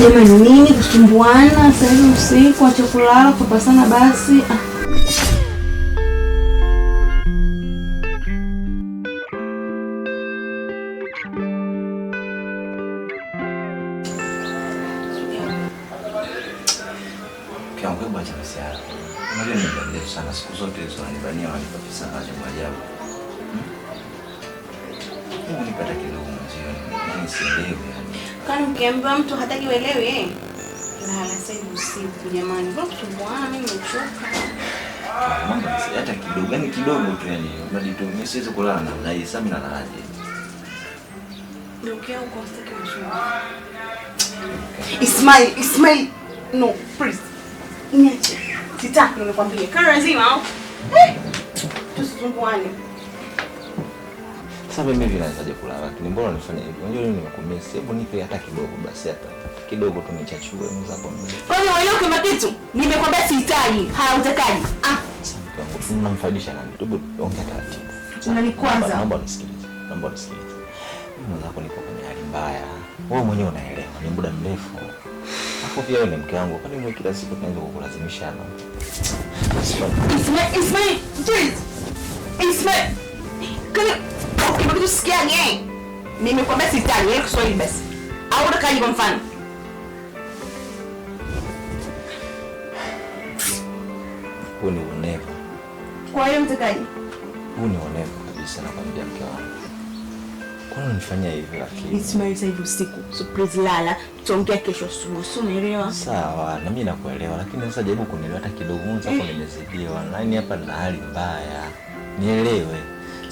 Jamani, nini kuchumbuana saa hizi usiku, wacha kulala kupasana basi. Ah. Siku zote hizo wanibania, wanipa pesa ajabu ajabu. Hmm? Unipata kidogo jioni, Kwani mkiambiwa mtu hataki uelewe? Lala sasa usiku jamani, mbona kutumwana, mimi nimechoka. Mambo hata kidogo, yani kidogo tu yani. Unanitumia siwezi kulala na na Isa mimi nalalaje? Ndokia uko usitaki mshamba. Ismail, Ismail. No, please. Niache. Sitaki nimekwambia. Kara nzima au? Oh. Eh. Tusizunguane sasa mimi hivi naweza kula, lakini mbona nifanye hivi? Unajua mimi nimekumisi, hebu nipe hata kidogo basi, hata kidogo tu nichachue mzako mimi. Kwa nini wewe kama kitu? Nimekwambia sihitaji, hautakaji. Ah, sasa mtu unamfadisha nani? Hebu ongea taratibu. Unanikwaza. Naomba unisikilize. Naomba unisikilize. Mwanzo niko kwenye hali mbaya. Wewe mwenyewe unaelewa, ni muda mrefu. Hapo pia wewe ni mke wangu, kwani nini kila siku tunaweza kukulazimishana? Ismail, Ismail, please. Ismail. Kana Usikiage, nimekwambia wewe Kiswahili basi. Au kwa mfano? Huu ni uonevu. Kwa hiyo Huu ni uonevu kabisa na kwambia mke wangu. Kwa nini unifanyia lakini? hivi usiku. lala, tutaongea kesho asubuhi. Sawa, na mimi nakuelewa lakini sasa jaribu kunielewa hata kidogo. Mwanzo hapo eh. nimezidiwa. Yaani hapa hali mbaya. Nielewe.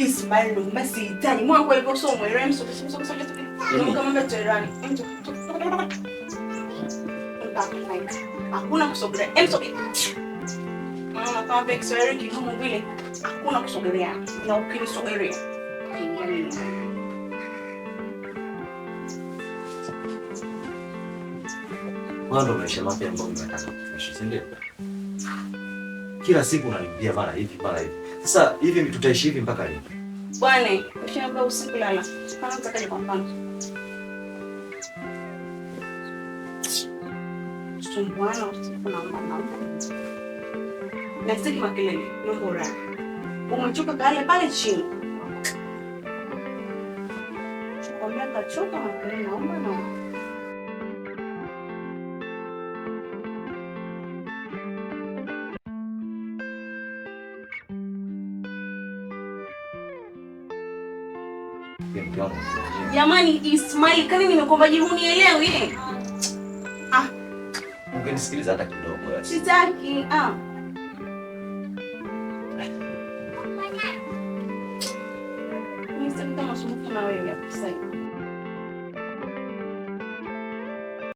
Hizi mali ndo mimi sihitaji. Mwana kwa hivyo sio mwelewa mso mso mso kitu. Ndio mambo ya jirani. Hakuna kusogelea. Mso. Mama kama vile Kiswahili kigumu vile. Hakuna kusogelea. Na ukinisogelea. Wao ndo maisha mapya ambayo mnataka kuishi, si ndio? Kila siku unalipia mara hivi mara hivi. Sasa hivi tutaishi hivi mpaka lini? Bwana, ushaambia usiku lala. Kama mtakaje kwa mfano. Tumbwana usiku na mama. Na sisi makelele, naomba raha. Umechoka kale pale chini. Kwa miaka choka makelele naomba na Jamani Ismail, kani nimekomba jibu unielewi? Ah. Ungenisikiliza hata kidogo. Yaani. Sitaki. Ah. Mimi sitaki masumbuko na wewe hapo sasa.